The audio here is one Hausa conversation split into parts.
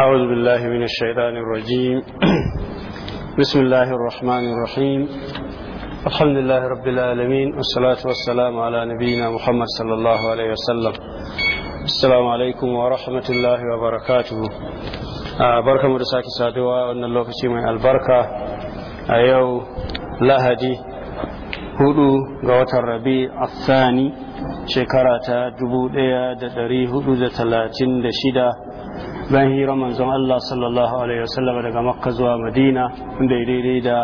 أعوذ بالله من الشيطان الرجيم بسم الله الرحمن الرحيم الحمد لله رب العالمين والصلاة والسلام على نبينا محمد صلى الله عليه وسلم السلام عليكم ورحمة الله وبركاته بركة مرساكي سادوا وأن الله كشيما البركة أيو لهدي هدو غوة الربيع الثاني شكرة جبودية دري هدو ثلاثين دشيدة bayan hira manzon Allah sallallahu alaihi wasallam daga makka zuwa madina inda daidai da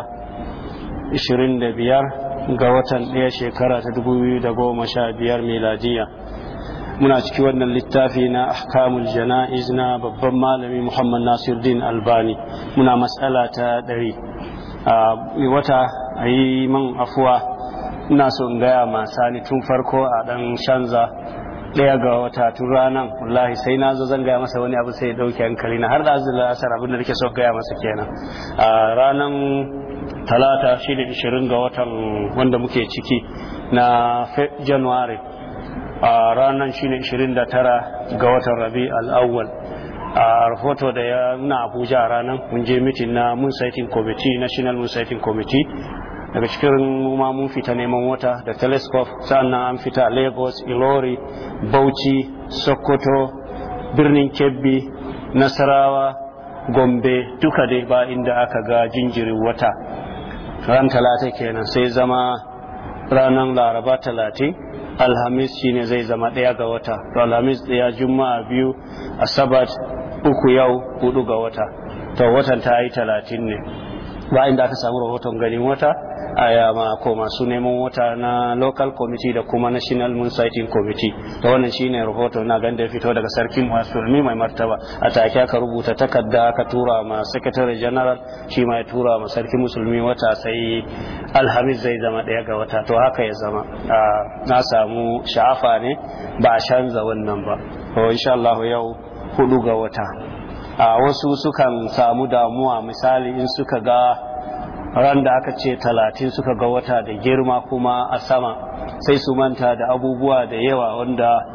25 ga watan ɗaya shekara ta 2015 miladiya muna ciki wannan littafi na ahkamul jana'iz na babban malami muhammad nasiruddin albani muna matsala ta ɗari a wata a yi man afuwa ina so gaya ma sani tun farko a ɗan canza Daya ga wata tun ranar wallahi sai na zo zan gaya masa wani abu sai ya ɗauke hankali na har da azumi asar abin da nake so gaya masa kenan a ranar talata shi da ishirin ga watan wanda muke ciki na january a ranar shi ne ishirin da tara ga watan rabi al'awwal a rahoto da ya nuna abuja a ranar mun je mitin na moon sighting committee national moon sighting committee daga cikin ma mun fita neman wata da telescope sannan an fita lagos ilori bauchi sokoto birnin kebbi nasarawa gombe duka dai ba inda aka ga jinjirin wata ran talata kenan sai zama ranar laraba talatin alhamis shine zai zama ɗaya ga wata alhamis ɗaya juma'a biyu asabat uku yau hudu ga wata to watan ta yi talatin ne ba inda aka samu rahoton ganin wata ma ko masu neman wata na local committee da kuma national moon sighting committee to wannan shine rahoto na da fito daga sarkin musulmi mai martaba a take aka rubuta takarda aka tura ma secretary general shi ma ya tura ma sarkin musulmi wata sai alhamis zai zama daya ga wata to haka ya zama na samu sha'afa ne ba a canza wannan ba to insha Allah yau hudu ga wata a wasu sukan samu damuwa misali in suka ga ran da aka ce talatin suka ga wata da girma kuma a sama sai su manta da abubuwa da yawa wanda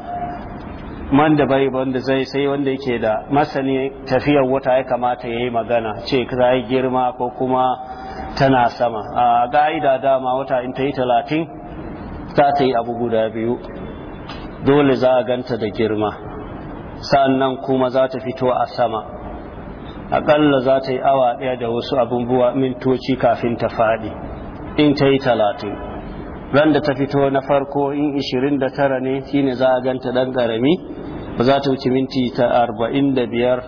man da bai wanda zai sai wanda yake da masani tafiyar wata ya kamata ya yi magana ce za yi girma ko kuma tana sama a ga'ida dama wata in ta yi talatin za ta yi abu guda biyu dole za a ganta da girma Sa'an nan kuma za ta fito a sama aƙalla za ta yi awa ɗaya da wasu abubuwa mintoci kafin ta faɗi in ta yi talatin ran da ta fito na farko in ishirin da tara ne shine za a ganta ɗan ƙarami ba za ta wuce minti ta arba'in da biyar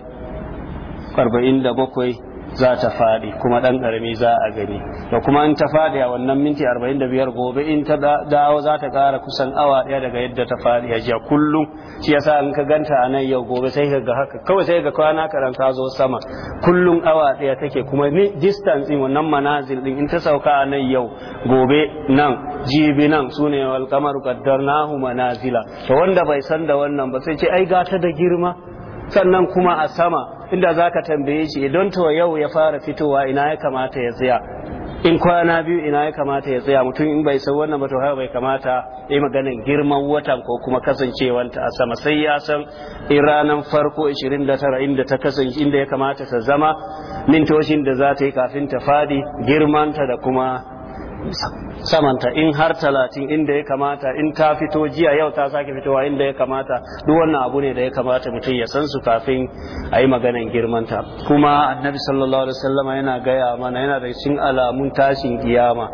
arba'in da bakwai za ta faɗi kuma ɗan ƙarami za a gani da kuma in ta faɗi a wannan minti 45 gobe in ta dawo za ta ƙara kusan awa ɗaya daga yadda ta faɗi a jiya kullum shi yasa in ka ganta a nan yau gobe sai ga haka kawai sai ga kwana karan ka zo sama kullum awa ɗaya take kuma ni distance din wannan manazil din in ta sauka a nan yau gobe nan jibi nan su ne wal kamaru qaddarnahu manazila to wanda bai san da wannan ba sai ce ai gata da girma sannan kuma a sama inda za ka tambaye shi don to yau ya fara fitowa ina ya kamata ya tsaya in kwana biyu ina ya kamata ya tsaya mutum in bai san wannan ba to bai kamata ya yi maganin girman watan ko kuma kasancewanta a sama sai ya san in ranar farko 29 inda ta kasance inda ya kamata ta zama mintoshin da za ta yi kafin ta fadi girmanta da kuma samanta in har talatin inda ya kamata in ta fito jiya yau ta sake fitowa inda ya kamata duk wannan abu ne da ya kamata mutum ya san su kafin a yi maganan girmanta kuma annabi sallallahu alaihi wasallam yana gaya mana yana da cin alamun tashin kiyama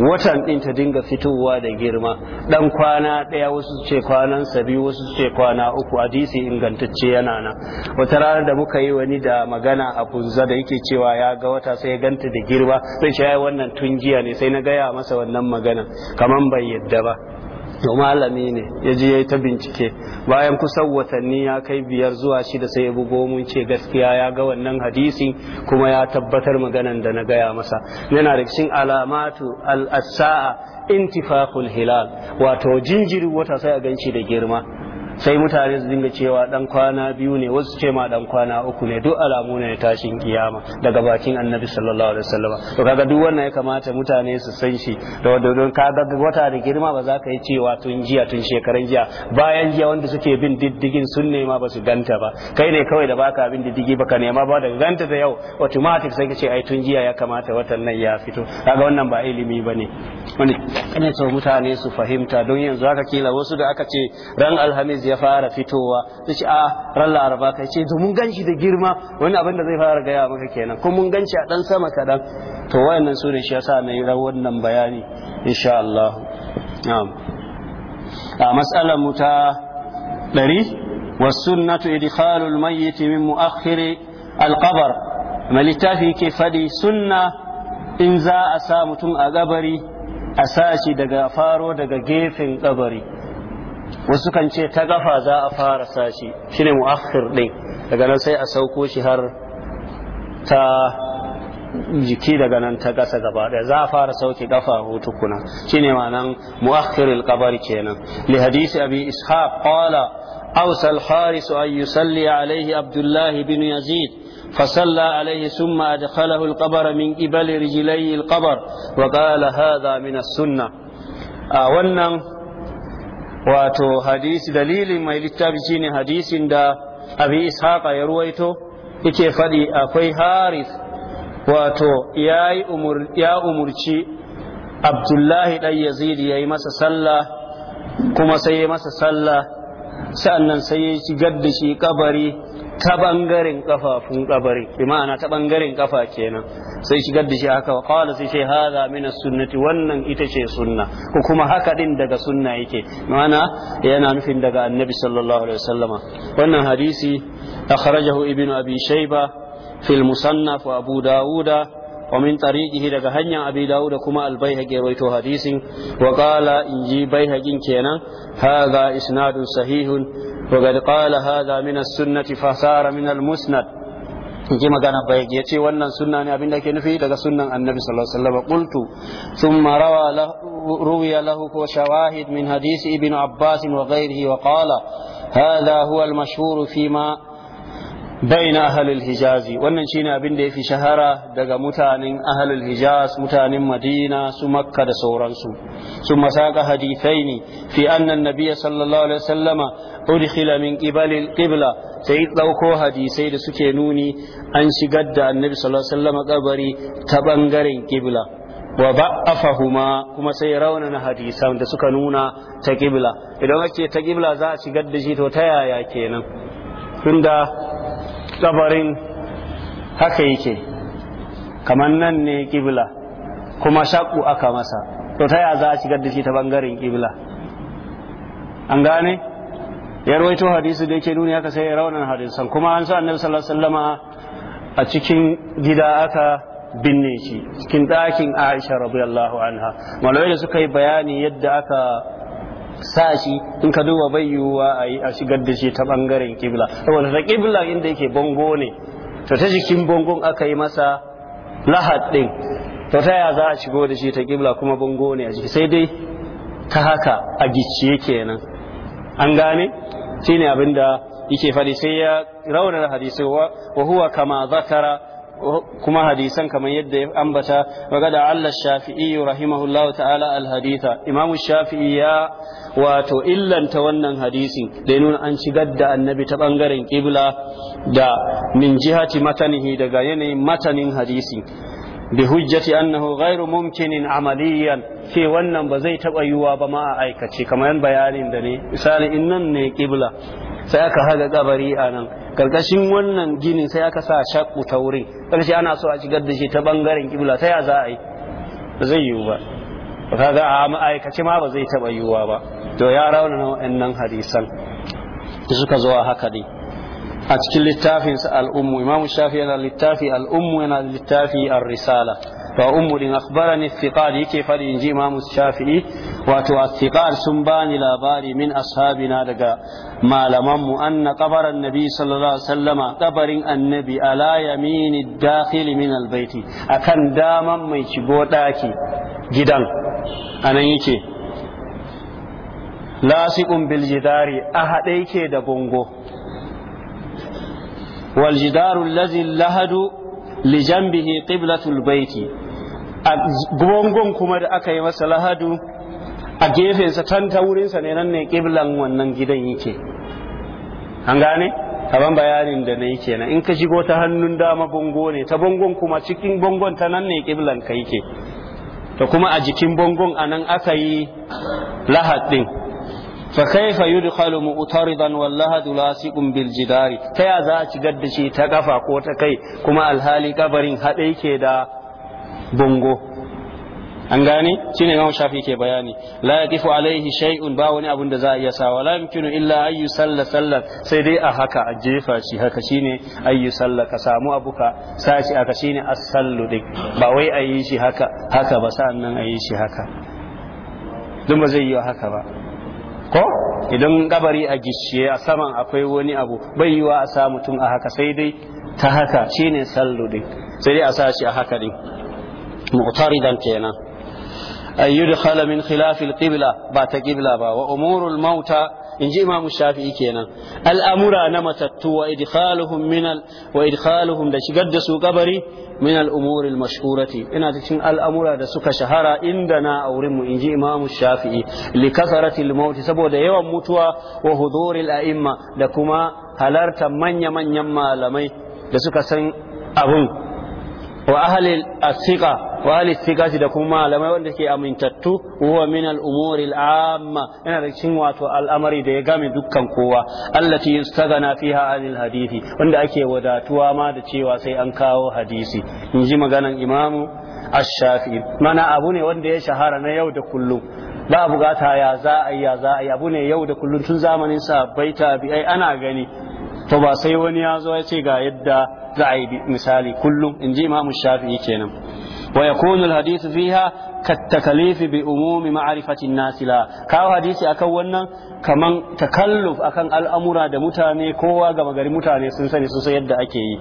watan din ta dinga fitowa da girma dan kwana daya wasu ce kwanan sabi wasu ce kwana uku hadisi ingantacce yana nan wata ranar da muka yi wani da magana a kunza da yake cewa ya ga wata sai ya ganta da girma sai shi wannan tun jiya ne sai na gaya masa wannan magana kamar bai yadda ba to malami ne ya ji ya yi ta bincike bayan kusan watanni ya kai biyar zuwa shida sai ya bugo mun ce gaskiya ya ga wannan hadisi kuma ya tabbatar maganan da na gaya masa yana da cikin alamatu al-sa'a intifaqul hilal wato jinjiri wata sai a ganci da girma sai mutane su dinga cewa dan kwana biyu ne wasu ce ma dan kwana uku ne duk alamu ne tashin kiyama daga bakin annabi sallallahu alaihi wasallam to kaga duk wannan ya kamata mutane su san shi da don kaga wata da girma ba za ka yi cewa tun jiya tun shekaran jiya bayan jiya wanda suke bin diddigin sun nema ba su ganta ba kai ne kawai da baka bin diddigi baka nema ba daga ganta da yau automatic sai ka ce ai tun jiya ya kamata watan nan ya fito kaga wannan ba ilimi bane wani ne so mutane su fahimta don yanzu haka kila wasu da aka ce ran alhamis ya fara fitowa ta ce a ran laraba ka ce domin ganshi da girma wani abin da zai fara gaya maka kenan kuma mun ganci a dan sama kaɗan to wayannan su ne shi yasa na yi wannan bayani insha Allah a matsalar mu ta ɗari wasu idkhalul mayyiti min mu'akhiri alqabar mai littafi ke fadi sunna in za a sa mutum a gabari a sashi daga faro daga gefen kabari wasu kan ce ta gafa za a fara sashi shine mu'akhir din daga nan sai a sauko shi har ta jiki daga nan ta gasa gaba daya za a fara sauke gafa hutu kuna shine ma'anan mu'akhir al-qabr kenan li hadisi abi ishaq qala awsa al-haris an yusalli alayhi abdullah bin yazid فصلى عليه ثم أدخله القبر من قبل رجلي القبر وقال هذا من السنة آه wato hadisi dalilin mai littafi shine hadisin da abi ishaqa ya ruwaito yake faɗi akwai haris wato ya umurci abdullahi dan yazid ya yi masa sallah kuma sai masa sallah sa'annan sai ya shigar da shi kabari ta bangaren kafafun kabari bi ma'ana ta bangaren kafa kenan sai shigar da shi haka qala sai sai hadha mina sunnati wannan ita ce sunna ko kuma haka din daga sunna yake ma'ana yana nufin daga annabi sallallahu alaihi wasallama wannan hadisi akhrajahu ibnu abi shayba fil musannaf wa abu dauda ومن طريقه daga hanyar abi dawud da kuma al-baihaqi rawaito hadisin wa qala inji baihaqin kenan hadha isnadun sahihun وقد قال هذا من السنة فصار musnad المسند ji magana bai ya wannan sunna ne da ke nufi daga sunnan annabi sallallahu alaihi wasallam qultu thumma rawa ruwiya lahu shawahid min hadisi ibn abbasin wa gairihi wa qala hada huwal mashuru mashhur fi ma na ahalul hijazi wannan shine abin da yafi shahara daga mutanen ahalul hijaz mutanen madina su makka da sauransu su masaka hadithaini fi anna annabiyya sallallahu alaihi wasallama udkhila min qibali qibla sai dauko hadisai da suke nuni an shigar da annabi sallallahu alaihi wasallama kabari ta bangaren qibla wa huma kuma sai raunin hadisan da suka nuna ta qibla idan ake ta qibla za a shigar da shi to ta yaya kenan tunda tsabarin haka yake kamar nan ne kibla kuma shaƙu aka masa to ta ya za a shigar da shi ta bangaren kibla an gane ya rawaito hadisi da yake nuni aka sai ya raunin hadisan kuma an sa annabi sallallahu alaihi a cikin gida aka binne shi cikin ɗakin Aisha radiyallahu anha malamai da suka yi bayani yadda aka sa shi in ka duba bai yiwuwa a yi a shigar da shi ta bangaren kibla saboda ta kibla inda yake bango ne to ta jikin bongon aka yi masa lahad din to ta ya za a shigo da shi ta kibla kuma bango ne a jiki sai dai ta haka a gicciye kenan an gane shine abinda yake faɗi sai ya raunar hadisi wa huwa kama zakara kuma hadisan kamar yadda ya ambata magada Allah shafi'i rahimahullahu ta'ala alhaditha imamu shafi'i ya wato illanta wannan hadisi da ya nuna an shigar da annabi ta bangaren kibla da min jihati matanihi daga yanayin matanin hadisi bi hujjati annahu ghairu mumkinin amaliyan ce wannan ba zai taba yiwuwa ba ma a aikace kamar bayanin da ne misali in ne kibla sai aka haga kabari a nan karkashin wannan ginin sai aka sa shaƙu ta wurin karshe ana so a shigar da shi ta bangaren kibla ta ya za a yi ba zai yiwu ba ga a ma'aikace ma ba zai taba yiwuwa ba to ya raunana nan hadisan suka zo a haka dai a cikin littafinsa al'ummu imam shafi yana littafi al'ummu yana littafi a risala a ummudin akhbarani thiqal yake fari inji imam shafi'i wato athiqal sun bani labari min ashabina daga malaman mu anna nabi sallallahu alaihi annabi ala yamini dakhil min albayti akan daman mai shigo daki gidan anan yake lasiqun bil jidari a hade yake da bongo wal jidaru allazi lahadu li janbihi ƙiblatul-baiti. a gongon kuma da aka yi masa lahadu a gefensa can ta wurinsa ne nan ne kiblan wannan gidan yake an gane kaban bayanin da na yi kenan in ka shigo ta hannun dama bongo ne ta bongon kuma cikin bongon ta nan ne kiblan ka yake to kuma a jikin bongon a nan aka yi lahad din fa kaifa yudkhalu mu'taridan wal lahad lasiqun lasikun biljidari ta ya za a cigar da shi ta kafa ko ta kai kuma alhali kabarin haɗe ke da bongo an gane ne gama Shafi ke bayani la ya kifu alaihi shay'un ba wani abun da za a iya sawa la yumkinu illa ayyu salla sallan sai dai a haka a jefa shi haka shine ayyu salla ka samu abu ka sa shi aka shine as-sallu din ba wai a yi shi haka haka ba sa'an nan a yi shi haka don ba zai yi haka ba ko idan kabari a gishiye a saman akwai wani abu bai yi wa a sa mutum a haka sai dai ta haka shine sallu din sai dai a sa shi a haka din mu'taridan kenan ay yudkhala min khilaf al ba wa umurul inji imam shafi'i kenan al'amura na matattu wa idkhaluhum da shigar da su kabari min al-umuri al cikin al'amura da suka shahara inda na aurin mu inji imam shafi'i li kasarati saboda yawan mutuwa wa aimma da kuma halartar manya-manyan malamai da suka san wa ahli as-siqa wa ahli as-siqa da kuma malamai wanda ke amintattu huwa min al umuri al amma yana da cikin wato al'amari da ya game dukkan kowa allati yustagana fiha anil hadisi wanda ake wadatuwa ma da cewa sai an kawo hadisi in ji maganan imamu ash-shafi mana abu ne wanda ya shahara na yau da kullum ba bukata ya za a ya za a abu ne yau da kullum tun zamanin sahabbai tabi'ai ana gani to ba sai wani ya zo ya ce ga yadda za a yi misali kullum in ji imamu shafi'i kenan wa yakunu alhadithu fiha كالتكليف بأموم معرفة الناس لا كاو حديثي أكو ونن كمان تكلف أكن الأمور دا متاني كوا غمغري متاني سنسني سنسيد دا أكي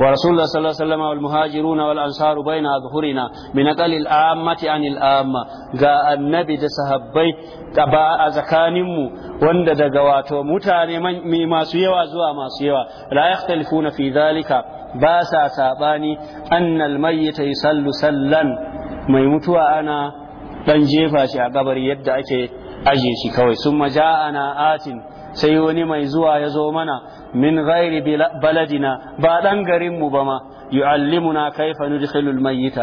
ورسول الله صلى الله عليه وسلم والمهاجرون والأنصار بين أظهرنا من أقل العامة عن العامة قال النبي ده صحابي تبا أزكانمو وند ده قواتو متاني من ما سيوا زوا ما سيوا لا يختلفون في ذلك باسا ساباني أن الميت يسل سلا ما يموتوا أنا dan jefa shi a kabari yadda ake aje shi kawai sun maja'ana atin sai wani mai zuwa ya zo mana min ghairi baladina ba dan garin mu ba ma yu'allimuna kaifa nudkhilu al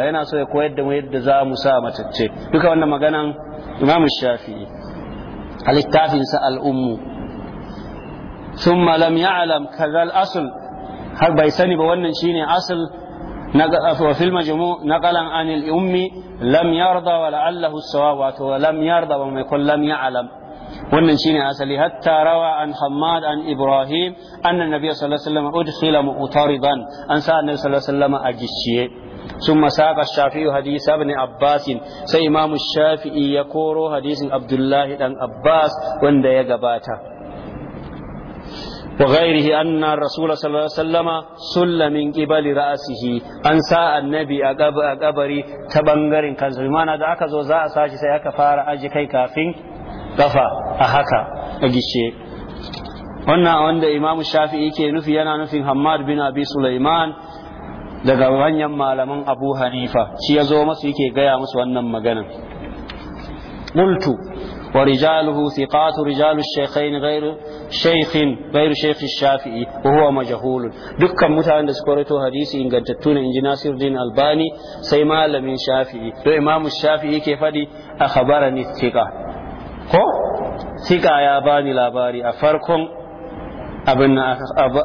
yana so ya koyar da mu yadda za mu sa matacce duka wannan maganan Imam Shafi'i a littafin sa al thumma lam ya'lam kaza al-asl har bai sani ba wannan shine asl وفي المجموع نقلا عن الأم لم يرضى ولعله wato ولم يرضى mai يقول لم يعلم wannan shine asali hatta rawa an hammad an ibrahim anna nabiy sallallahu alaihi wasallam udkhila mu'taridan an sa annabi sallallahu alaihi wasallam a gishiye ثم ساق الشافعي حديث ابن عباس سي امام الشافعي يكورو حديث عبد الله بن عباس وند يا غباتا وغيره أن الرسول صلى الله عليه وسلم سل من قبل رأسه أن ساء النبي أقبري تبنغر كان سلمان هذا أكزو زاء ساشي سيأكفار أجي كي كافين kafa a haka a gishe wannan wanda imam shafi'i ke nufi yana nufin Hamad bin abi sulaiman daga wanyan malaman abu hanifa shi ya zo masu yake gaya masu wannan maganan qultu ورجاله ثقات Rijalu الشيخين غير شيخ غير شيخ الشافعي huwa مجهول dukkan mutanen da suka rawaito hadisi ingantattu ne inji Nasiruddin Albani sai malamin Shafi'i to Imam Shafi'i ke fadi akhbarani thiqa ko sika ya bani labari a farkon abin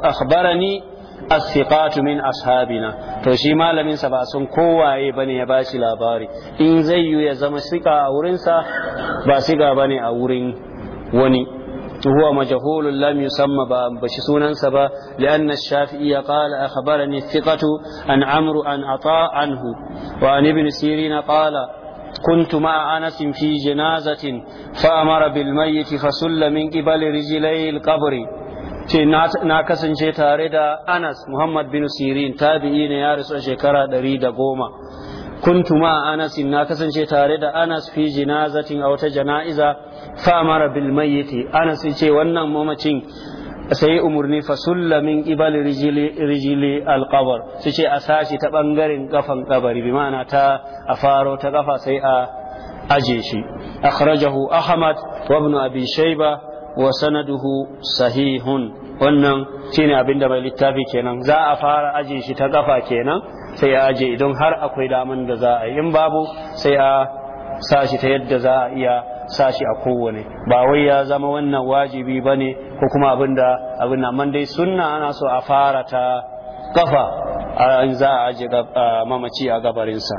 akhbarani as-siqatu min ashabina to shi malamin sa ba sun kowaye bane ya bashi labari in zai yi ya zama sika a wurin sa ba sika bane a wurin wani هو مجهول لم يسمى بشسونا سبا لأن الشافعي قال أخبرني الثقة عن عمرو عن عطاء عنه وعن ابن سيرين قال كنت مع أنس في جنازة فأمر بالميت فسل من قبل رجلي القبر ce na kasance tare da Anas Muhammad bin Sirin tabi'i ne ya rasu a shekara ɗari da goma Kuntuma a Anasin na kasance tare da Anas fi jinazatin a wata jana'iza fa amara bil mayyiti Anas ce wannan mamacin sai umarni fasulla min qibal rijili rijili alqabar sai ce a sashi ta bangaren kafan kabari bi ma'ana ta a faro ta kafa sai a aje shi akhrajahu ahmad wa ibn abi shayba wa sanaduhu sahihun wannan shine abinda mai littafi kenan za a fara aje shi ta kafa kenan sai a aje idan har akwai daman da za a yi in babu sai a sashi ta yadda za a iya sashi a kowane ba wai ya zama wannan wajibi ba ne ko kuma abinda abin nan dai sunna ana so a fara ta kafa in za a aje mamaci a gabarinsa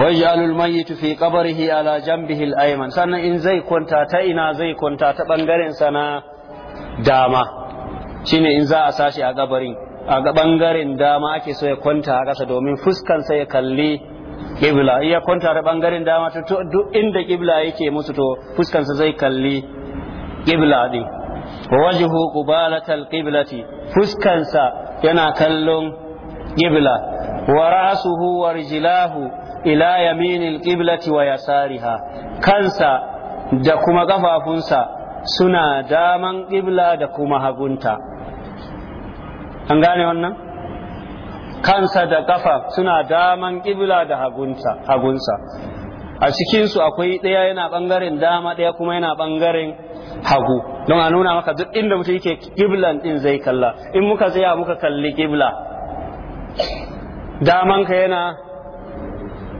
waj'al al yi fi qabrihi ala janbihi al-ayman sannan in zai kwanta ta ina zai kwanta ta bangaren sa na dama shine in za a sashi a gabarin a bangaren dama ake so ya kwanta a kasa domin fuskan sa ya kalli kibla iya kwanta ta bangaren dama to duk inda kibla yake musu to fuskan sa zai kalli qibla din wa wajhu qibalatal qiblati fuskansa yana kallon ƙibla wa ra'suhu wa rijlahu ila yaminil qiblati wa yasariha kansa da kuma kafafunsa suna daman qibla da kuma hagunta an gane wannan kansa da kafa suna daman ƙibla da hagunsa a cikinsu akwai ɗaya yana ɓangaren dama ɗaya kuma yana ɓangaren hagu don a nuna maka duk inda mutum yake kiblan din zai kalla in muka tsaya muka kalli kibla damanka yana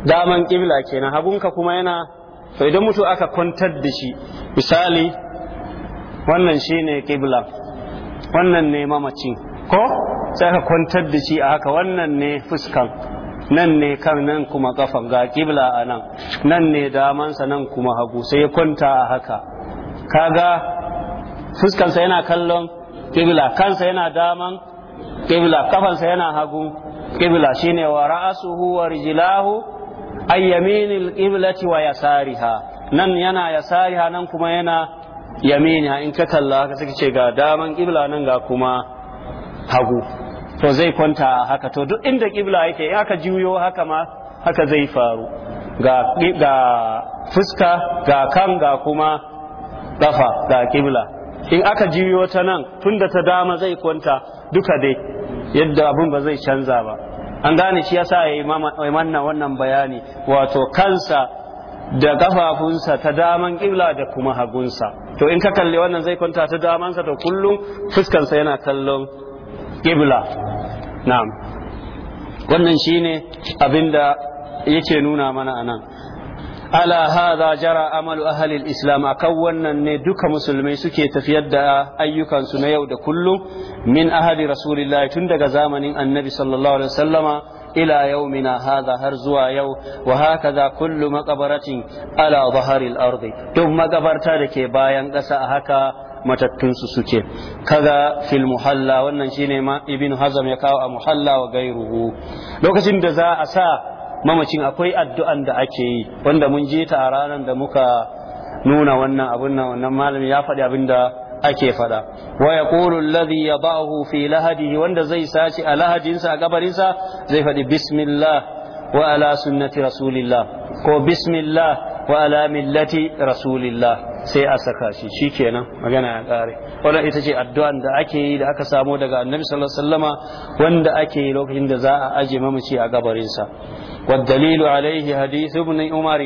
daman kibla kenan hagunka kuma yana to idan mutu aka kwantar da shi misali wannan shine kibla wannan ne mamacin ko sai aka kwantar da shi a haka wannan ne fuskan nan ne kan nan kuma kafan ga kibla a nan nan ne damansa nan kuma hagu sai ya kwanta a haka kaga fuskansa yana kallon kibla kansa yana daman kibla kafansa yana hagu kibla shine wa ra'asuhu wa rijlahu ayyamin yaminil qiblati wa yasariha nan yana yasariha nan kuma yana yaminiha in ka kalla haka suka ce ga daman kibla nan ga kuma hagu to zai kwanta haka to duk inda kibla yake in aka juyo haka ma haka zai faru ga fuska ga kan ga kuma kafa da kibla in aka jiyo ta nan tunda ta dama zai kwanta duka dai yadda abin ba zai canza ba an gane shi yasa ya yi manna wannan bayani wato kansa da kafafunsa ta daman kibla da kuma hagunsa to in ka kalli wannan zai kwanta ta damansa to kullum fuskansa yana kallon kibla na'am wannan shine abinda yake nuna mana anan ala hadha jara amalu ahli al-islam akan wannan ne duka musulmai suke tafiyar da ayyukansu na yau da kullum min ahli rasulillahi tun daga zamanin annabi sallallahu alaihi wasallama ila yaumina hadha har zuwa yau wa hakaza kullu maqabaratin ala dhahari al-ardi duk magabarta da ke bayan ƙasa a haka matattunsu suke kaga fil muhalla wannan shine ma hazam ya kawo a muhalla wa gairuhu lokacin da za a sa mamacin akwai addu'an da ake yi wanda mun je ta a ranar da muka nuna wannan abin nan wannan malami ya faɗi abin da ake faɗa wa yaqulu alladhi yadahu fi lahadi wanda zai sace a lahadinsa a gabarinsa zai faɗi bismillah wa ala sunnati rasulillah ko bismillah wa ala millati rasulillah sai a saka shi shikenan magana ya kare wannan ita ce addu'an da ake yi da aka samo daga annabi sallallahu alaihi wanda ake yi lokacin da za a ajiye mamaci a gabarinsa والدليل عليه حديث ابن عمر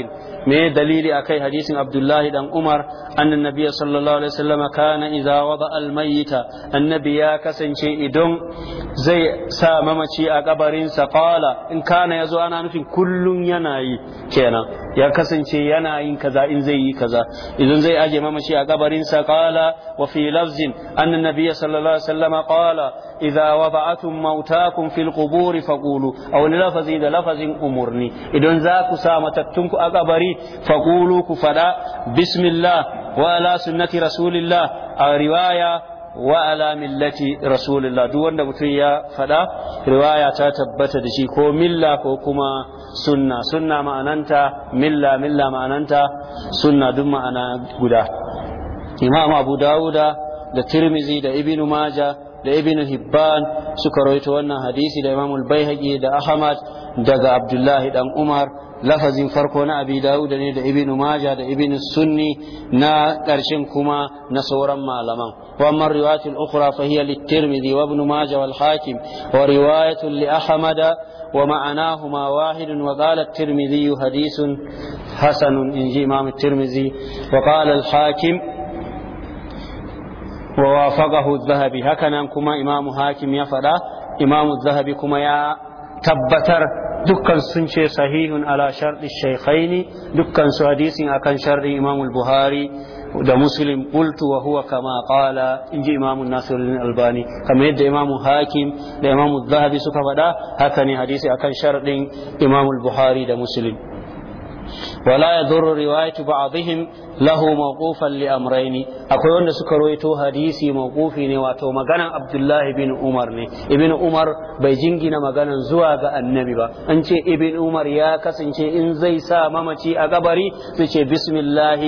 me dalili akai hadisin abdullahi dan umar annan nabiyya sallallahu alaihi wasallam kana idza wada al mayyita annabi ya kasance idan zai sa mamaci a kabarin sa qala in kana yazo ana nufin kullun yana yi kenan ya kasance yana yin kaza in zai yi kaza idan zai aje mamaci a kabarin sa qala wa fi lafzin annan nabiyya sallallahu alaihi wasallam qala idza wada'atum mautakum fil qubur faqulu aw lafazi da lafazin umurni idan za ku sa matattunku a kabari Faƙulu ku faɗa bismillah wa'ala sunnati rasulillah a riwaya wa'ala millati rasulillah duk wanda mutum ya faɗa riwaya ta tabbata da shi ko milla ko kuma sunna sunna ma'ananta milla milla ma'ananta sunna duk ma'ana guda imam abu dawuda da tirmizi da ibn maja da ibn hibban suka rawaito wannan hadisi da imam al da ahmad daga abdullahi dan umar lafazin farko na abi dawud ne da ibn maja da ibn sunni na karshen kuma na sauran malaman wa amma riwayatul ukhra fa hiya lit-tirmidhi wa ibn maja wal hakim wa riwayatul li ahmad wa ma'anahuma wahidun wa qala at-tirmidhi hadithun hasanun inji imam at-tirmidhi hakim wa wafaqahu zahabi hakanan kuma imamu hakim ya faɗa imamu zahabi kuma ya tabbatar dukkan sun ce ala sharɗi shaykhaini dukkan su hadisi akan sharɗi imamu buhari da muslim qultu wa kama qala inji imamu nasiruddin albani kamar yadda imamu hakim da imamu zahabi suka faɗa haka hadisi akan sharɗin imamu buhari da muslim wala yadurru riwayatu ba'dihim lahu mawqufan li amrayni akwai wanda suka rawaito hadisi mawqufi ne wato maganan Abdullahi bin Umar ne Ibin Umar bai jingina maganan zuwa ga annabi ba an ce Ibin Umar ya kasance in zai sa mamaci a gabari su ce bismillah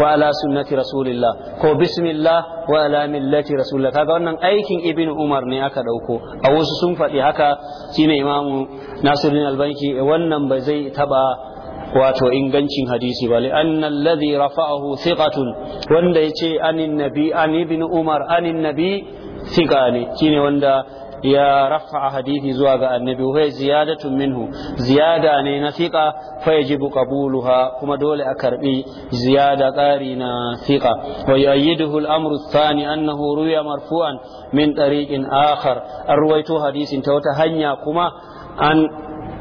wa ala sunnati rasulillah ko bismillah wa ala millati rasulillah kaga wannan aikin Ibin Umar ne aka ɗauko a wasu sun faɗi haka shine imamu Nasiruddin Albanki wannan ba zai taba wato ingancin hadisi ba li'anna alladhi rafa'ahu thiqatun wanda yace anin nabi an ibn umar anin nabi thiqa ne shine wanda ya rafa hadisi zuwa ga annabi wa ziyadatun minhu ziyada ne na thiqa fa yajibu qabuluha kuma dole a karbi ziyada ƙari na thiqa wa yu'ayyiduhu al-amru ath-thani annahu ruya marfu'an min tariqin akhar arwaito hadisin ta wata hanya kuma an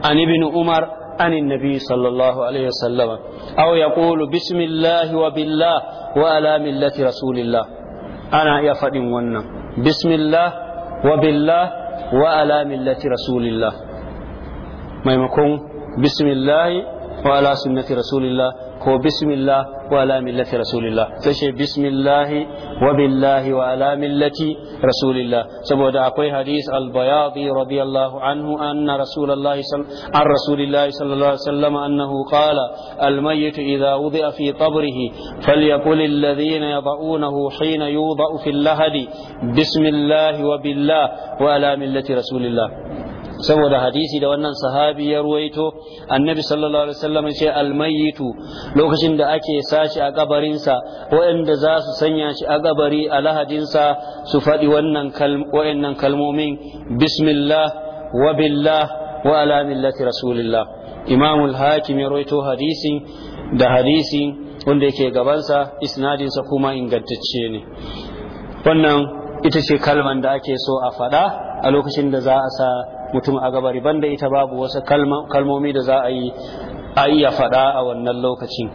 an ibn umar عن النبي صلى الله عليه وسلم أو يقول بسم الله وبالله وعلى ملة رسول الله أنا يفد ونا بسم الله وبالله وعلى ملة رسول الله ما يمكن بسم الله wa ala sunnati rasulillah ko bismillah wa ala millati rasulillah sai ce bismillahi wa wa ala millati rasulillah saboda akwai hadisi al-bayadi radiyallahu anhu an rasulillah sallallahu alaihi annahu qala almayyatu mayyit idha wudi'a fi qabrihi falyaqul alladhina yad'unahu hina yudha'u fi lahadi bismillah wa wa ala millati rasulillah saboda hadisi da wannan sahabi ya ruwaito annabi sallallahu alaihi wasallam ya ce almayitu lokacin da ake sashi a kabarinsa waɗanda za su sanya shi a kabari a lahadinsa su faɗi wannan kalmomin bismillah wa billah wa ala millati rasulillah imamul hakim ya ruwaito hadisin da hadisin wanda yake gabansa isnadinsa kuma ingantacce ne wannan ita ce kalman da ake so a faɗa a lokacin da za a sa mutum a gabari banda ita babu wasu kalmomi da za a yi a iya faɗa a wannan lokacin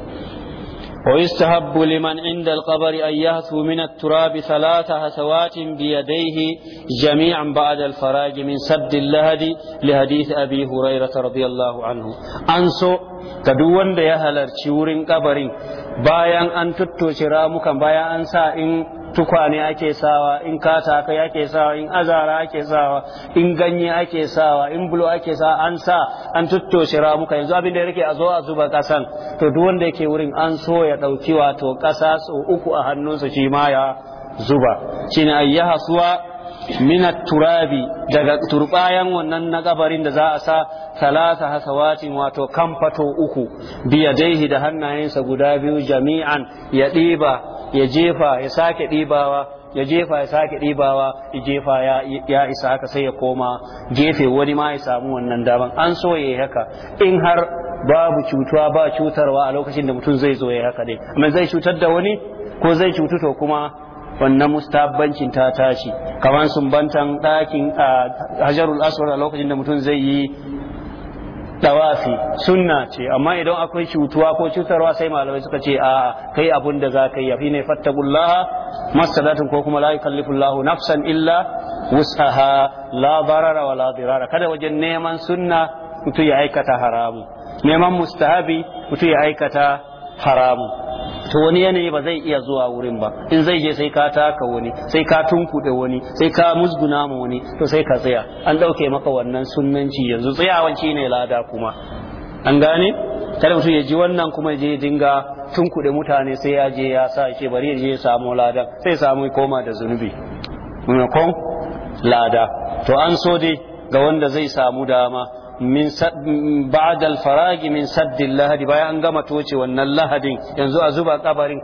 ويستحب لمن عند القبر أن يهثو من التراب ثلاث هثوات بيديه جميعا بعد الفراج من سد اللهد لحديث أبي هريرة رضي الله عنه أنسو كدوان دي هلر شورين قبرين bayan an tuttoce ramukan bayan an sa in tukwane ake sawa in katakai ake sawa in azara ake sawa in ganye ake sawa in bulo ake sawa an sa an tuttoce ramuka yanzu abin da yake a zo a zuba kasan to duk wanda yake wurin an so ya dauki wato kasa so uku a hannunsa shi ma ya zuba shine ayyaha suwa mina turabi daga turbayan wannan na kabarin da za a sa talata hasawatin wato kamfato uku Biya biyadaihi da hannayensa guda biyu jami'an ya ɗiba ya jefa ya sake ɗibawa ya jefa ya sake ɗibawa ya jefa ya isa haka sai ya koma gefe wani ma ya samu wannan daman an so ya haka in har babu cutuwa ba cutarwa a lokacin da mutum zai zo ya haka dai amma zai cutar da wani ko zai cutu to kuma wannan mustabbancin ta tashi kamar sun bantan dakin hajarul aswad a lokacin da mutum zai yi dawafi sunna ce amma idan akwai cutuwa ko cutarwa sai malamai suka ce a kai abun da za ka yi yafi ne fattakullah masalatin ko kuma la yukallifullahu nafsan illa wus'aha la wa la kada wajen neman sunna mutum ya aikata haramu neman mustahabi mutum ya aikata haramu to wani yanayi ba zai iya zuwa wurin ba in zai je sai ka taka wani sai ka tunkuɗe wani sai ka musguna ma wani to sai ka tsaya an ɗauke maka wannan sunnanci yanzu tsayawan ne lada kuma an gane kada mutum ya ji wannan kuma ya je dinga tunkuɗe mutane sai ya je ya sa ce bari ya je ya samu lada sai samu koma da zunubi maimakon lada to an so dai ga wanda zai samu dama min ba'da al min saddin lahadi bayan an gama toce wannan lahadin yanzu a zuba kabarin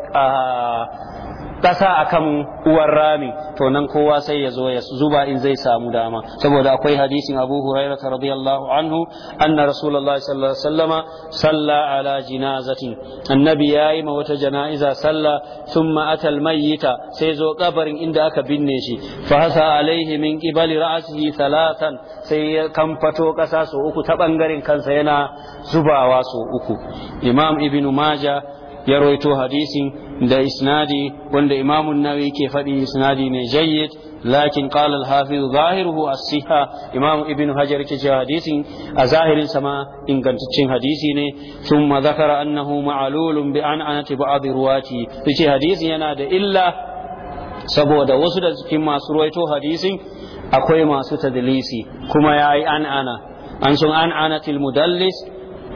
ƙasa akan uwar rami to nan kowa sai ya zo ya zuba in zai samu dama saboda akwai hadisin Abu Hurairah radiyallahu anhu anna Rasulullahi sallallahu alaihi wasallama salla ala jinazatin annabi yayi ma wata jana'iza salla thumma atal mayyita sai zo kabarin inda aka binne shi fa hasa alaihi min qibali ra'sihi thalathan sai ya kamfato ƙasa so uku ta bangaren kansa yana zubawa so uku Imam ibnu Majah ya roito hadisin da isnadi wanda imamun nawi ke faɗi isnadi ne jayyid lakin qala al-hafiz zahiruhu as-siha imam ibn hajar ke cewa hadisin a zahirin sama ingantaccen hadisi ne thumma zakara annahu ma'lulun bi an'anati ba'd ruwati yace hadisin yana da illa saboda wasu da cikin masu ruwaito hadisin akwai masu tadlisi kuma yayi an'ana an sun an'anatil mudallis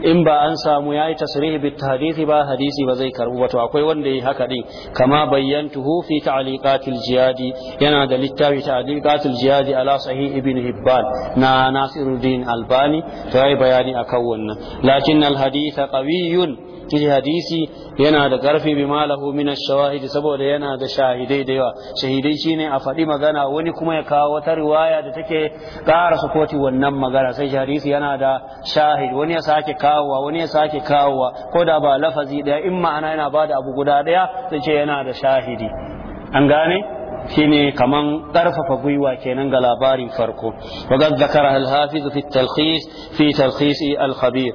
in ba an samu ya yi tasrihi bit hadisi ba hadisi ba zai karbu wato akwai wanda yi haka din kama bayyantuhu fi ta'liqatil Jiyadi yana da littafi ta'liqatil jihadi ala sahih ibn hibban na nasiruddin albani to yayi bayani akan wannan lakin al haditha qawiyyun kiji hadisi yana da karfi bi malahu min ash-shawahid saboda yana da shahidai da yawa shahidai shine a faɗi magana wani kuma ya kawo wata riwaya da take ƙara supporti wannan magana sai hadisi yana da shahid wani ya sake kawowa wani ya sake kawowa ko da ba lafazi ɗaya in ma'ana yana bada abu guda ɗaya. sai ce yana da shahidi an gane shine kaman karfafa gwiwa kenan ga labarin farko wa qad zakara al hafiz fi talkhis fi Talhis Alhabir,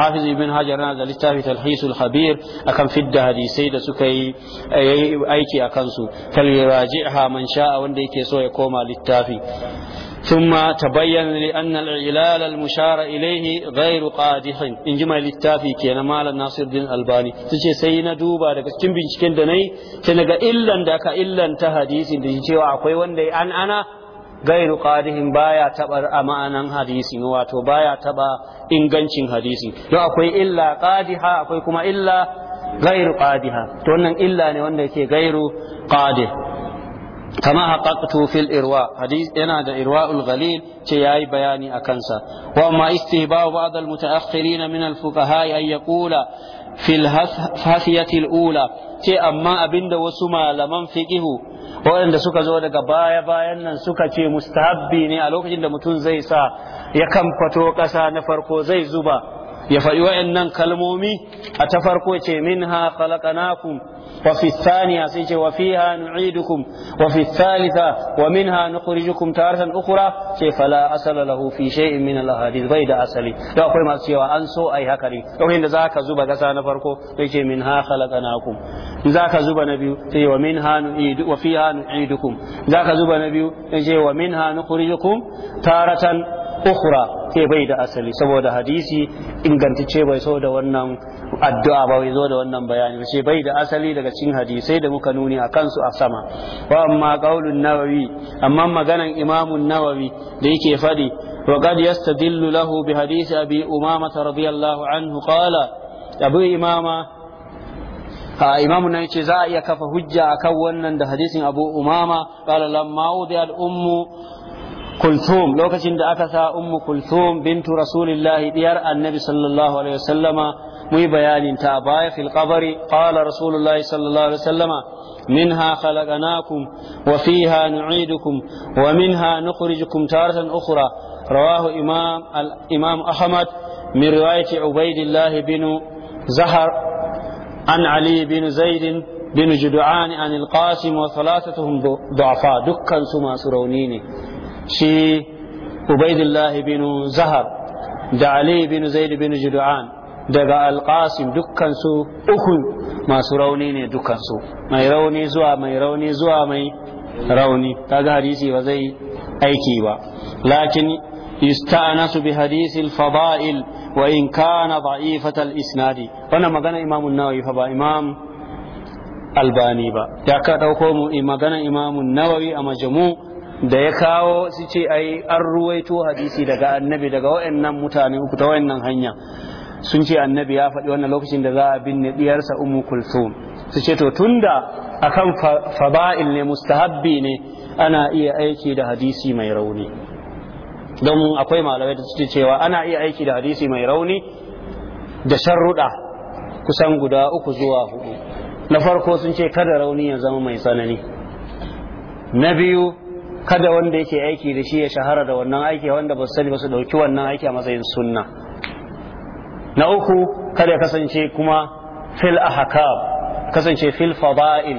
hafiz ibn hajar na da littafi Talhis Alhabir akan fidda hadisai da suka yi aiki akan su fal yuraji'ha man sha'a wanda yake so ya koma littafi ثم تبين لأن العلال المشار إليه غير قادح إن جمع للتافي كينا مال ناصر الدين الباني تشي سينا دوبا دك كم بنشكين دني سنغا إلا دك إلا تهديث دي جيوا أقوي وندي أن أنا غير قادح بايا تبر أمانا حديث واتو بايا تبا إنغنشين حديث لو أقوي إلا قادحا أقوي كما إلا غairu qadiha to wannan illa ne wanda yake gairu qadih kama haƙaƙtu fil irwa hadis yana da irwa'ul ghalil ce yayi bayani a kansa wa ma istihba'u ba'd al mutaakhirin min al fuqaha an yaqula fil hasiyati al ula ce amma abinda wasu malaman fiƙihu. waɗanda suka zo daga baya bayan nan suka ce mustahabbi ne a lokacin da mutum zai sa ya kamfato ƙasa na farko zai zuba ya faɗi wa'annan kalmomi a ta farko ce min ha minha khalaqnakum wa fi thaniya sai ce wa fi ha fiha nu'idukum wa fi thalitha wa minha nukhrijukum taratan ukura ce fala asala lahu fi shay'in min al ahadith bai da asali da akwai masu cewa an so ai haka ne lokacin da ka zuba gasa na farko sai ce minha za ka zuba na biyu sai wa min minha nu'idu wa fiha za ka zuba na biyu sai ce wa min ha minha nukhrijukum taratan ukhra sai bai da asali saboda hadisi ingantacce bai so da wannan addu'a ba bai zo da wannan bayani sai bai da asali daga cikin hadisai da muka nuni a kansu a sama wa amma qaulun nawawi amma maganan imamun nawawi da yake fadi wa qad yastadillu lahu bi hadisi abi umama radiyallahu anhu qala abu imama imamu nan yace za a iya kafa hujja akan wannan da hadisin Abu Umama qala lamma wudi al ummu kulthum lokacin da aka sa umma kulthum bintu rasulillahi diyar annabi sallallahu muyi bayanin ta baya fil qabri qala rasulullahi sallallahu alaihi wasallama منها خلقناكم وفيها نعيدكم ومنها نخرجكم تارة أخرى رواه إمام الإمام أحمد من رواية عبيد الله بن زهر عن علي بن زيد بن جدعان عن القاسم وثلاثتهم ضعفاء دكا سما سرونيني Shi Ubaidulilahi bin Zahar da Aliyu bin Zaidu bin Jiba'an daga Al-Qassim dukkansu Duhun masu rauni ne dukkansu. Mai rauni zuwa mai rauni zuwa mai rauni. Ta gan hadisi ba zai aiki ba. lakin Yusta'a nasu bi hadisi Faba'il wa Inkana ba yi fatal isna'adi. Wannan magana imamun nawa yaushe ba imam al ba? Ya ka ɗauko mu in magana imamun nawa ya amince da ya kawo su ce ai an ruwaito hadisi daga annabi daga wa'annan mutane uku ta wa'annan hanya sun ce annabi ya faɗi wannan lokacin da za a binne ɗiyarsa Umu kulthum su ce to tunda akan faba'il ne mustahabbi ne ana iya aiki da hadisi mai rauni don akwai malamai da suke cewa ana iya aiki da hadisi mai rauni da sharruɗa kusan guda uku zuwa hudu na farko sun ce kada rauni ya zama mai tsanani na biyu kada wanda yake aiki da shi ya shahara da wannan aiki wanda ba su sani ba su ɗauki wannan aiki a matsayin sunna na uku kada ya kasance kuma fil ahkam kasance fil fada'il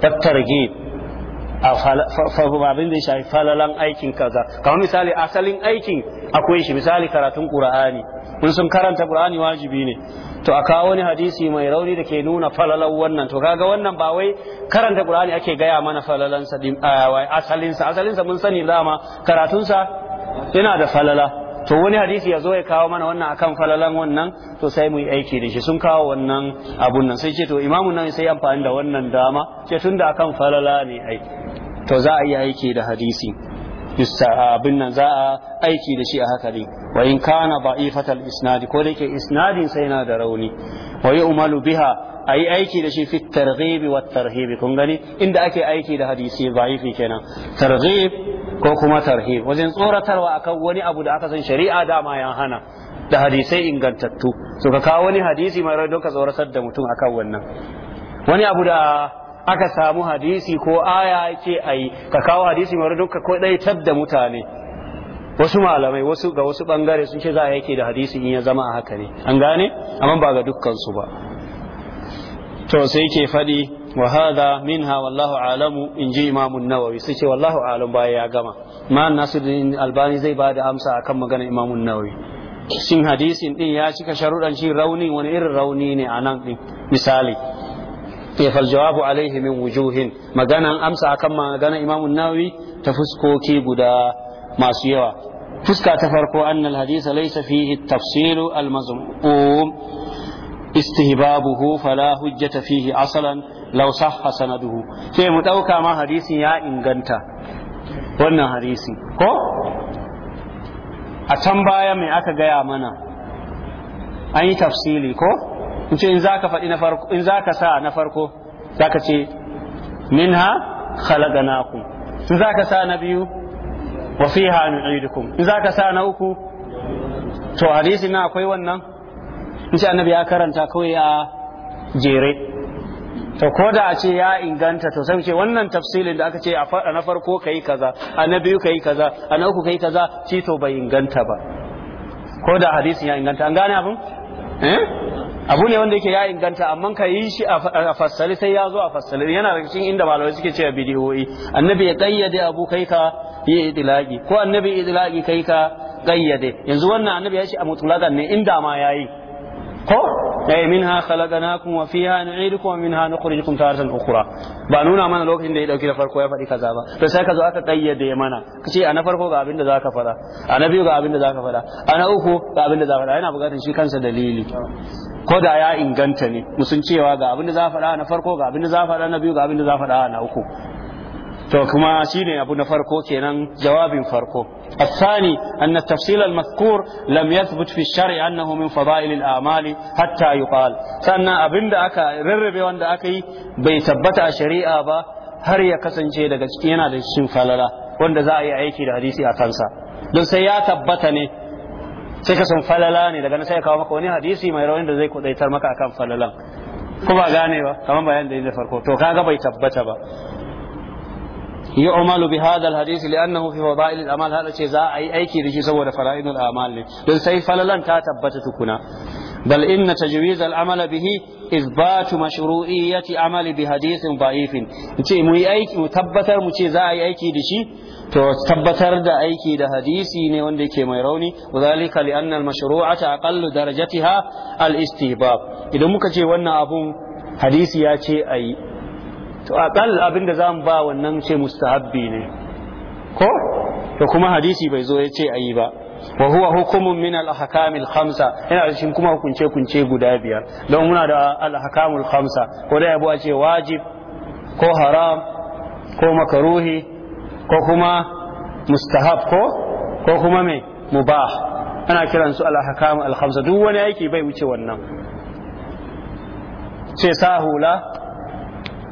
tattargib abin da ya shafi falalan aikin kaza kamar misali asalin aikin akwai shi misali karatun qur'ani mun sun karanta qur'ani wajibi ne to a kawo wani hadisi mai rauni da ke nuna falalan wannan to kaga wannan ba wai karanta qur'ani ake gaya mana falalan sa asalin sa asalin sa mun sani dama karatun sa yana da falala to wani hadisi ya zo ya kawo mana wannan akan falalan wannan to sai mu yi aiki da shi sun kawo wannan abun nan sai ce to imamun nan sai amfani da wannan dama ce tunda akan falala ne ai to za a yi aiki da hadisi abin nan za a aiki da shi a haka ne wa in kana da'ifatal isnadi ko da yake isnadin sai yana da rauni wa umalu biha ayi aiki da shi fi targhib wa tarhib kun gani inda ake aiki da hadisi da'ifi kenan targhib ko kuma tarhi wajen tsoratarwa akan wani abu da aka san shari'a dama ya hana da hadisai ingantattu so ka kawo wani hadisi mai don ka tsoratar da mutum akan wannan wani abu da aka samu hadisi ko aya yake ayi ka kawo hadisi mai don ka kodaitar da mutane wasu malamai wasu ga wasu bangare sun ce za a yake da hadisi in ya zama a haka ne an gane amma ba ga dukkan su ba to sai ke faɗi wa min minha wallahu alamu in ji imam an-nawawi ce wallahu alam baya ya gama ma nasiruddin albani zai bada amsa akan maganar imam an-nawawi shin hadisin din ya cika sharuɗan shi rauni wani irin rauni ne a nan din misali fal jawabu alaihi min wujuhin maganan amsa akan maganar imam an ta fuskoki guda masu yawa fuska ta farko annal hadisa laysa fihi tafsiru al-mazmum istihbabuhu fala hujja fihi asalan law sahha sanaduhu mu dauka ma hadisin ya inganta wannan hadisi ko a can baya mai aka gaya mana an yi ko in ce in zaka na farko in zaka sa na farko zaka ce minha khalaqnakum in zaka sa na biyu wa in sa na uku to hadisi na akwai wannan ce annabi ya karanta kawai a jere to ko da a ce ya inganta to sai ce wannan tafsilin da aka ce a fada na farko ka yi kaza a na biyu ka yi kaza a na uku ka yi kaza shi to bai inganta ba ko da hadisin ya inganta an gane abin eh abu ne wanda yake ya inganta amma ka yi shi a fassali sai ya zo a fassali yana daga cikin inda malamai suke cewa bidiyoyi annabi ya kayyade abu kai ka yi idlaqi ko annabi idlaqi kai ka kayyade yanzu wannan annabi ya ce a mutlaqan ne inda ma yayi ko eh minha khalaqnakum wa fiha nu'idukum wa minha nukhrijukum taratan ukhra ba nuna mana lokacin da ya dauki da farko ya faɗi kaza ba to sai ka zo aka kayyade mana kace a na farko ga abinda zaka faɗa a na biyu ga abinda zaka faɗa a na uku ga abinda zaka faɗa yana bukatun shi kansa dalili ko da ya inganta ne musun cewa ga abinda zaka za faɗa na farko ga abinda zaka za faɗa na biyu ga abinda zaka za faɗa na uku to kuma ne abu na farko kenan jawabin farko الثاني أن التفصيل المذكور لم يثبت في الشرع hatta من Sannan abin da aka rarrabe wanda aka yi bai tabbata a shari'a ba har ya kasance daga ciki yana da cikin falala wanda za a yi aiki da hadisi a kansa don sai ya tabbata ne sai ka falala ne daga nan sai kawo maka wani hadisi mai rawan da zai kudaitar maka akan falalan ko ba gane ba kamar bayan da farko to kaga bai tabbata ba yu'malu bi hadha alhadith li'annahu fi fadail al-amal hada ce za a yi aiki da shi saboda fara'idul amal ne don sai falalan ta tabbata tukuna بل إن تجويز العمل به إثبات مشروعية عمل بحديث ضعيف نتي مي أيكي متبتر متي زا أي أيكي دشي تو تبتر دا أيكي دا حديثي ني وندي كي ميروني وذلك لأن المشروعة أقل درجتها الاستهباب إذا مكتي وانا أبو حديثي ياتي أي to aqal abin da zamu ba wannan ce mustahabbi ne ko to kuma hadisi bai zo ya ce ayi ba wa huwa hukumun min al ahkamil khamsa yana da shin kuma hukunce kunce guda biyar don muna da al ahkamul khamsa ko da yabo a ce wajib ko haram ko makaruhi ko kuma mustahab ko ko kuma me mubah ana kiran su al ahkam al khamsa duk wani aiki bai wuce wannan ce hula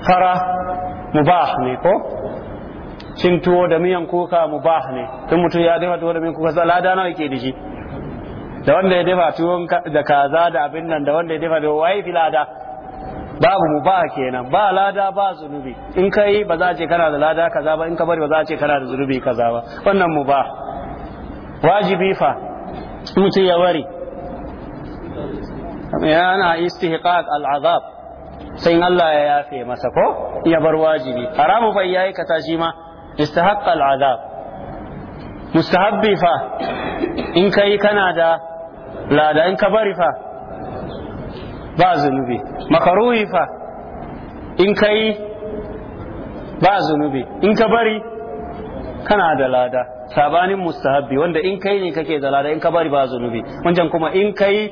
fara mubah ne ko cin tuwo da miyan kuka mubah ne tun mutum ya dafa tuwo da miyan kuka lada nawa yake da shi da wanda ya dafa tuwon da kaza da abin nan da wanda ya dafa da wai fi lada babu mu ba kenan ba lada ba zunubi in ka yi ba za a ce kana da lada kaza ba in ka bari ba za a ce kana da zunubi kaza ba wannan mu ba wajibi fa mutum ya wari yana istihqaq al'azab sai in Allah ya yafe masa ko ya bar wajibi haramu fa yayi kata shi ma istahaqqa al'azab mustahabbi fa in kai kana da lada in ka bari fa ba zunubi makaruhi fa in kai ba zunubi in ka bari kana da lada sabanin mustahabbi wanda in kai ne kake da lada in ka bari ba zunubi wancan kuma in kai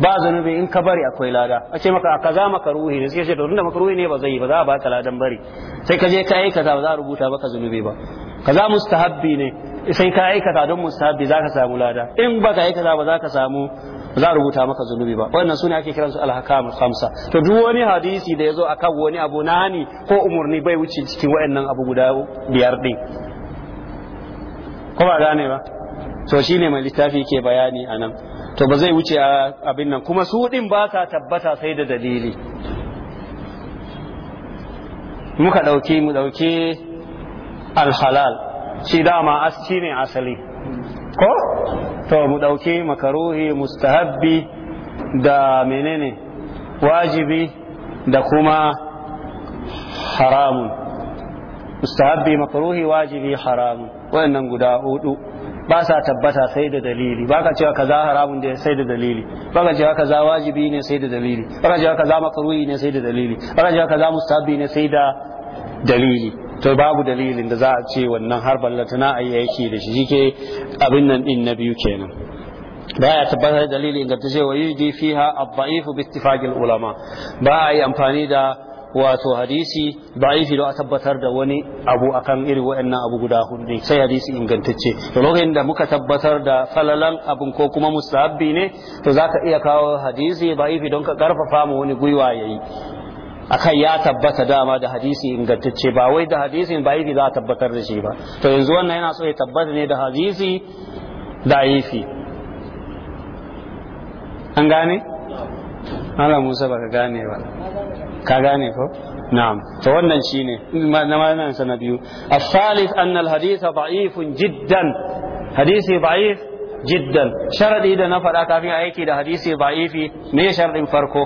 ba zunubi in ka bari akwai lada a ce maka za maka ruhi ne sai ce to tunda maka ruhi ne ba zai ba za a baka ladan bari sai ka je ka aikata ba za a rubuta baka zunubi ba Ka za mustahabbi ne sai ka aikata don mustahabbi za ka samu lada in ba ka aikata ba za ka samu za a rubuta maka zunubi ba wannan sune ake kiran su alhakamul khamsa to duk wani hadisi da yazo akan wani abu nani ko umurni bai wuce cikin wayannan abu guda biyar din ko ba gane ba to shine mai littafi ke bayani anan to ba zai wuce abin nan kuma su din ba sa tabbata sai da dalili muka ɗauki mu ɗauki alhalal shi dama shi ne asali ko to mu ɗauki makaruhi mustahabbi da menene wajibi da kuma haramun mustahabbi makaruhi wajibi haramun waɗannan guda hudu ba sa tabbata sai da dalili ba ka cewa kaza haramun ne sai da dalili ba ka cewa kaza wajibi ne sai da dalili ba ka cewa kaza makaruhi ne sai da dalili ba ka cewa kaza mustahabi ne sai da dalili to babu dalilin da za a ce wannan har ballatana a yake da shi shike abin nan din na biyu kenan Ba ya tabbatar dalili ingantacce wa yujdi fiha ad-da'if bi ittifaqil ulama ba a yi amfani da wato hadisi ba yi don a tabbatar da wani abu akan iri waɗannan abu guda hudu sai hadisi ingantacce to lokacin da muka tabbatar da falalan abun ko kuma mustahabbi ne to za ka iya kawo hadisi ba yi don ka karfafa mu wani gwiwa ya yayi akan ya tabbata dama da hadisi ingantacce ba wai da hadisi ba yi za a tabbatar da shi ba to yanzu wannan yana so ya tabbata ne da hadisi da an gane? Allah Musa baka gane ba. ka gane ko na'am to wannan shine na wannan sanadiyu biyu as-salis anna al-hadith da'ifun jiddan hadisi da'if jiddan sharadi da na faɗa kafin aiki da hadisi da'ifi me sharadin farko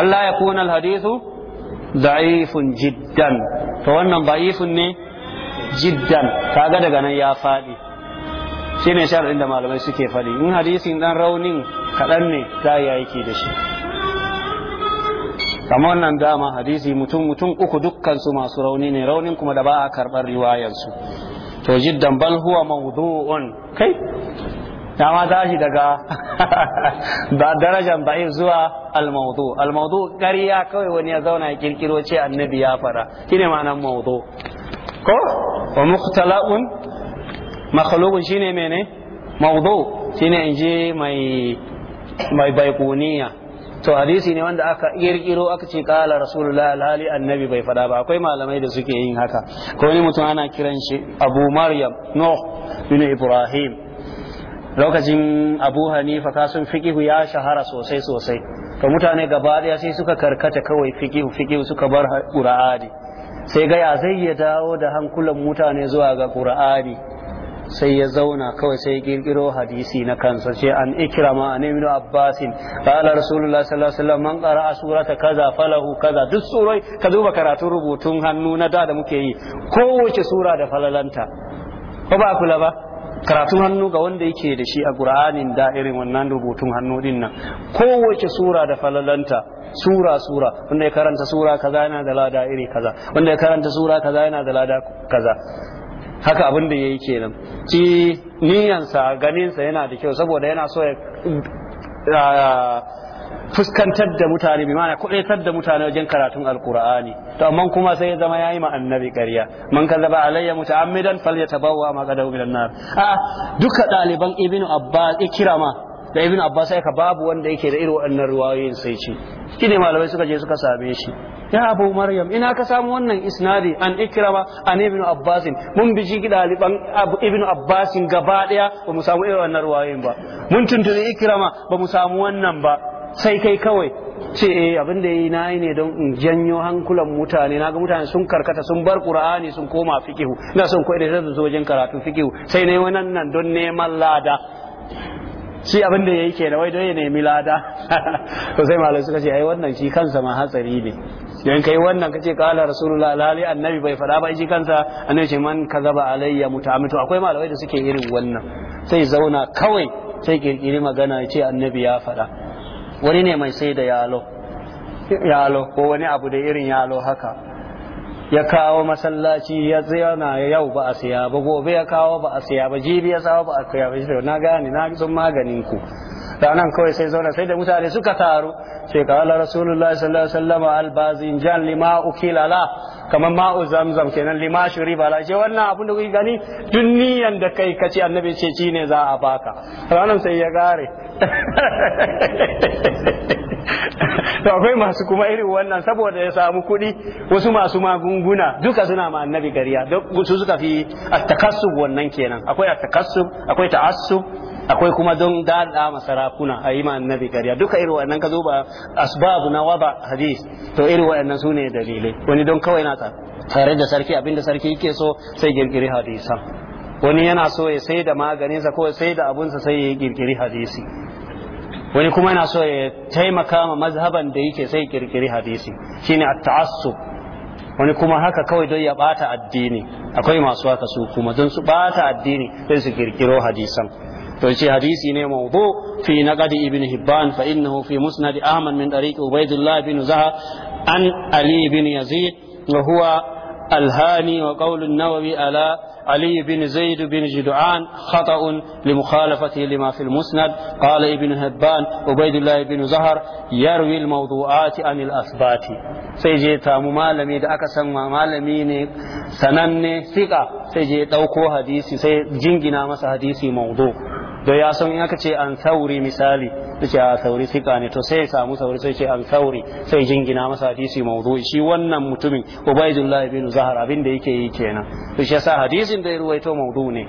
Allah ya kuna al-hadithu da'ifun jiddan to wannan da'ifun ne jiddan kaga daga nan ya faɗi shine sharadin da malamai suke faɗi in hadisin dan raunin kaɗan ne za a yi aiki da shi kamar wannan dama hadisi mutum mutum uku dukkan su masu rauni ne raunin kuma da ba a karɓar riwayarsu to jiddan bal huwa mawdu'un kai dama shi daga da darajar da'if zuwa almaudu almaudu ƙarya kawai wani ya zauna ya kirkiro ce annabi ya fara shine ma'anar maudu ko wa mukhtala'un makhluqun shine mene maudu shine inji mai mai baikuniya to hadisi ne wanda aka kirkiro aka ce kala rasulullah alhali annabi bai faɗa ba akwai malamai da suke yin haka ko wani mutum ana kiran shi abu maryam no bin ibrahim lokacin abu hanifa kasun fikihu ya shahara sosai sosai to mutane gaba daya sai suka karkata kawai fikihu fikihu suka bar qur'ani sai ga ya zai ya dawo da hankulan mutane zuwa ga qur'ani sai ya zauna kawai sai girgiro hadisi na kansa ce an ikirama a nemi abbasin qala rasulullah sallallahu alaihi wasallam man qara'a surata kaza falahu kaza duk surai ka zuba karatun rubutun hannu na da da muke yi kowace sura da falalanta ko ba kula ba karatun hannu ga wanda yake da shi a qur'anin da irin wannan rubutun hannu din nan kowace sura da falalanta sura sura wanda ya karanta sura kaza yana da lada iri kaza wanda ya karanta sura kaza yana da lada kaza haka abin da ya yi kenan shi niyansa ganinsa yana da kyau saboda yana so ya fuskantar da mutane bi mana kudaitar da mutane wajen karatun alkur'ani to amma kuma sai ya zama yayi ma annabi kariya man kazzaba alayya muta'ammidan falyatabawa ma qadahu minan nar a duka ɗaliban ibnu abbas ikrama Da ibn abbas aka babu wanda yake da irin wannan riwayoyin sai ce shi ne malamai suka je suka same shi ya abu maryam ina ka samu wannan isnadi an ikrama an ibn abbas mun biji ɗaliban ibn abbas gaba ɗaya ba mu samu irin wannan riwayoyin ba mun tuntuni ikrama ba mu samu wannan ba sai kai kawai ce eh abin da yi nayi ne don in janyo hankulan mutane naga mutane sun karkata sun bar qur'ani sun koma fikihu ina son koyi da zan zo wajen karatu fikihu sai nayi wannan nan don neman lada shi abin da yayi kenan wai don ya nemi lada to sai malai suka ce ai wannan shi kansa ma hatsari ne idan kai wannan kace kala rasulullah alhali annabi bai fada ba shi kansa annabi ce man kazaba alayya to akwai malamai da suke irin wannan sai zauna kawai sai kirkiri magana ya ce annabi ya fada wani ne mai sai da yalo yalo ko wani abu da irin yalo haka ya kawo masallaci ya tsayana yau ba a siya ba gobe ya kawo ba a siya ba jibi ya sawo ba a siya ba na gane na sun maganin ku ranan kawai sai zauna sai da mutane suka taru sai ka ala rasulullahi sallallahu alaihi wasallam albazin jan lima ukila la kamar ma'u zamzam kenan lima shuri bala je wannan abun da kuke gani duk da kai kace annabi ce ci ne za a baka ranan sai ya gare to akwai masu kuma irin wannan saboda ya samu kuɗi wasu masu magunguna duka suna ma annabi gariya don su suka fi attakassub wannan kenan akwai attakassub akwai ta'assub akwai kuma don dada masarakuna a yi ma annabi gariya duka irin wannan ka zo ba asbabu na waba hadis to irin wannan su ne dalilai wani don kawai na tare da sarki abinda sarki yake so sai girgiri hadisa wani yana so ya sai da maganinsa ko sai da abunsa sai ya girgiri hadisi wani kuma yana so ya taimaka ma mazhaban da yake sai kirkiri hadisi shine at-ta'assub wani kuma haka kawai don ya bata addini akwai masu haka su kuma don su bata addini sai su kirkiro hadisan to ce hadisi ne mawdu fi naqd ibn hibban fa innahu fi musnad ahmad min tariq ubaidullah bin zaha an ali bin yazid wa huwa الهاني وقول النووي على علي بن زيد بن جدعان خطأ لمخالفته لما في المسند قال ابن هبان عبيد الله بن زهر يروي الموضوعات عن الأثبات سيجي تامو مالمي دا أكا سمى مالمي ني سنن ثقة سيجي توقو حديثي سيجي جنجنا مس حديثي موضوع don ya san in aka ce an sauri misali su ce a sauri sika ne to sai samu sauri sai ce an sauri sai jingina masa hadisi mawdu'i shi wannan mutumin ubaidullah bin zahar abin da yake yi kenan to shi yasa hadisin da ya ruwaito mawdu ne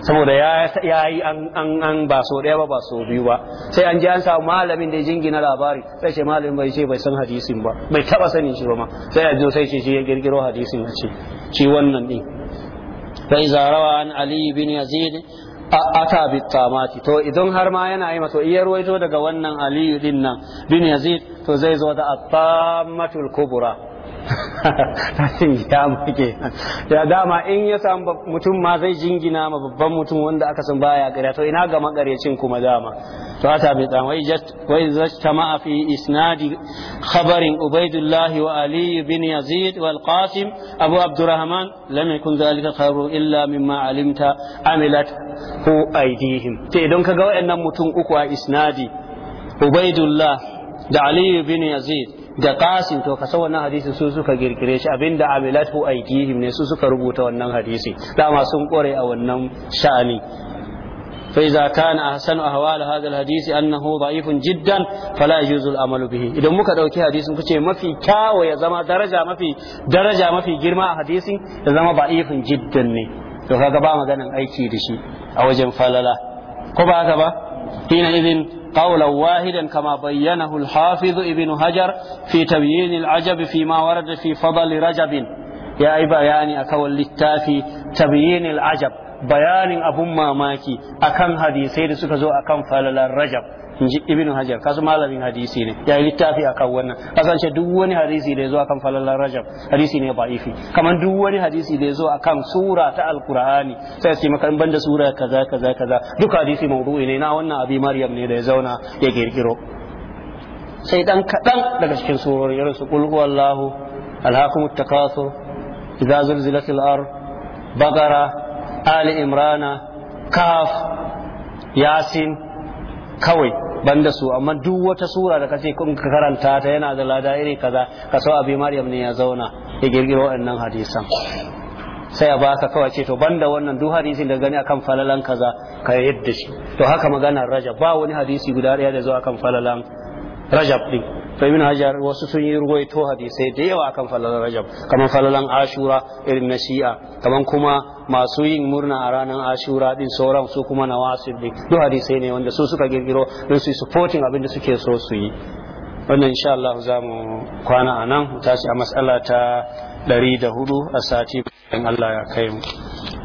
saboda ya yi an ba so ɗaya ba ba so biyu ba sai an ji an samu malamin da ya jingina labari sai ce malamin bai ce bai san hadisin ba bai taba sanin shi ba ma sai a zo sai ce shi ya girgiro hadisin a ce shi wannan din فإذا روى عن علي بن يزيد ata bi tsamati to idan har ma yana yi mato iya ruwaito daga wannan aliyu din nan bin yazid to zai zo da attamatul kubra tashin ya muke ya dama in ya samu mutum ma zai jingina ma babban mutum wanda aka san baya gari. to ina ga makaryacin kuma dama to ta bi tsama wai zajtama fi isnadi khabarin ubaidullah wa ali bin yazid wal qasim abu abdurrahman lam yakun zalika khabaru illa mimma alimta amilat hu aidihim te ga kaga wayannan mutum uku a isnadi ubaidullah da Aliyu bin yazid da kasin to ka san wannan hadisin su suka girgire shi abinda amilatu aidihim ne su suka rubuta wannan hadisi dama sun kore a wannan sha'ani فإذا كان أحسن أحوال هذا الحديث أنه ضعيف jiddan fala يجوز العمل bihi idan muka ɗauki hadisin kuce mafi kyawo ya zama daraja mafi daraja mafi girma a hadisin ya zama da'ifin jiddan ne to kaga ba maganan aiki da shi a wajen falala ko ba haka ba حينئذ قولا واحدا كما بينه الحافظ ابن هجر في تبيين العجب فيما ورد في فضل رجب يا أي بيان أكول للتافي تبيين العجب بيان أبو ماماكي أكن حديثي لسكزو أكن فلل الرجب in ji ibnu hajar kasu malamin hadisi ne ya yi littafi akan wannan kasance duk wani hadisi da ya zo akan falalar rajab hadisi ne ifi kamar duk wani hadisi da ya zo akan sura ta alkur'ani sai sai maka in banda sura kaza kaza kaza duk hadisi mawdu'i ne na wannan abi maryam ne da ya zauna ya kirkiro sai dan kadan daga cikin surori irin su qul huwallahu alhaqumut takasur idza zulzilatil ard bagara ali imrana kaf yasin kawai banda su amma duk wata sura da kace kun ka karanta ta yana da lada iri kaza ka sau abi maryam ne ya zauna ya girgiro waɗannan hadisan sai a baka kawai ce to banda wannan duk hadisin da gani akan falalan kaza ka yadda shi to haka maganar rajab ba wani hadisi guda ɗaya da zo akan falalan rajab din to ibn hajar wasu sun yi ruwaito hadisai da yawa akan falalan rajab kamar falalan ashura irin na shi'a kamar kuma masu yin murna a ranar ashura din sauran su kuma na wasif din duk hadisai ne wanda su suka girgiro don su yi supporting abin da suke so su yi wannan insha Allah za mu kwana a nan tashi a matsala ta da hudu a sati in Allah ya kai mu